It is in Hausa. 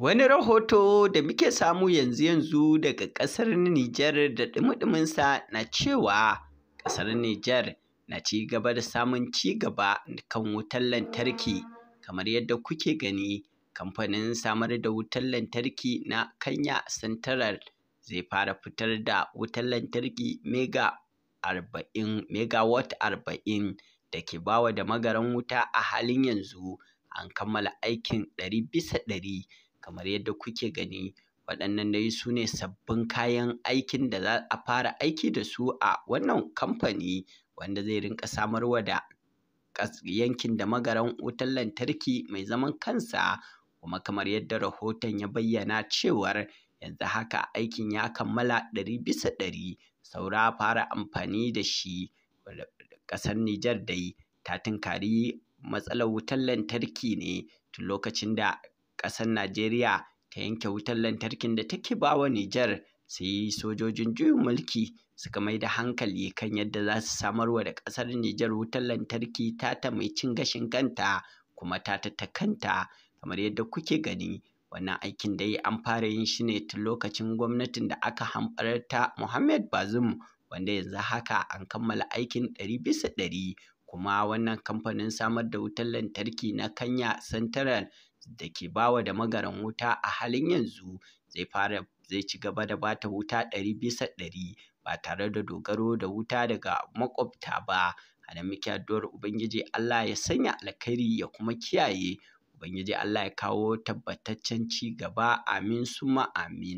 Wani rahoto da muke samu yanzu-yanzu daga ƙasar Nijar da ɗumi na cewa ƙasar Nijar na ci gaba da samun ci gaba kan wutar lantarki kamar yadda kuke gani kamfanin samar da wutar lantarki na Kenya Central zai fara fitar da wutar lantarki mega 40 megawatt 40 da ke bawa da magaran wuta a halin yanzu an kammala aikin ɗari bisa ɗari kamar yadda kuke gani waɗannan dai su ne sabbin kayan aikin da za a fara aiki da su a wannan kamfani wanda zai rinka samarwa da yankin da magaran wutar lantarki mai zaman kansa kuma kamar yadda rahoton ya bayyana cewar yanzu haka aikin ya kammala ɗari bisa ɗari saura fara amfani da shi ƙasar Nijar dai ta tunkari matsalar wutar lantarki ne tun lokacin da ƙasar Najeriya ta yanke wutar lantarkin da take ba wa Nijar sai sojojin juyin mulki suka mai da hankali kan yadda za su samar wa da ƙasar Nijar wutar lantarki ta ta mai cin gashin kanta kuma ta kanta kamar yadda kuke gani wannan aikin dai an fara yin shi ne tun lokacin gwamnatin da aka hamɓarar ta Muhammad Bazoum wanda yanzu haka an kammala aikin ɗari bisa ɗari kuma wannan kamfanin samar da wutar lantarki na Kenya Central da ke bawa da magaran wuta a halin yanzu zai fara zai ci gaba da bata wuta ɗari ba tare da dogaro da wuta daga makwabta ba a muke addu'ar ubangiji Allah ya sanya alkhairi ya kuma kiyaye ubangiji Allah ya kawo tabbataccen ci gaba amin suma amin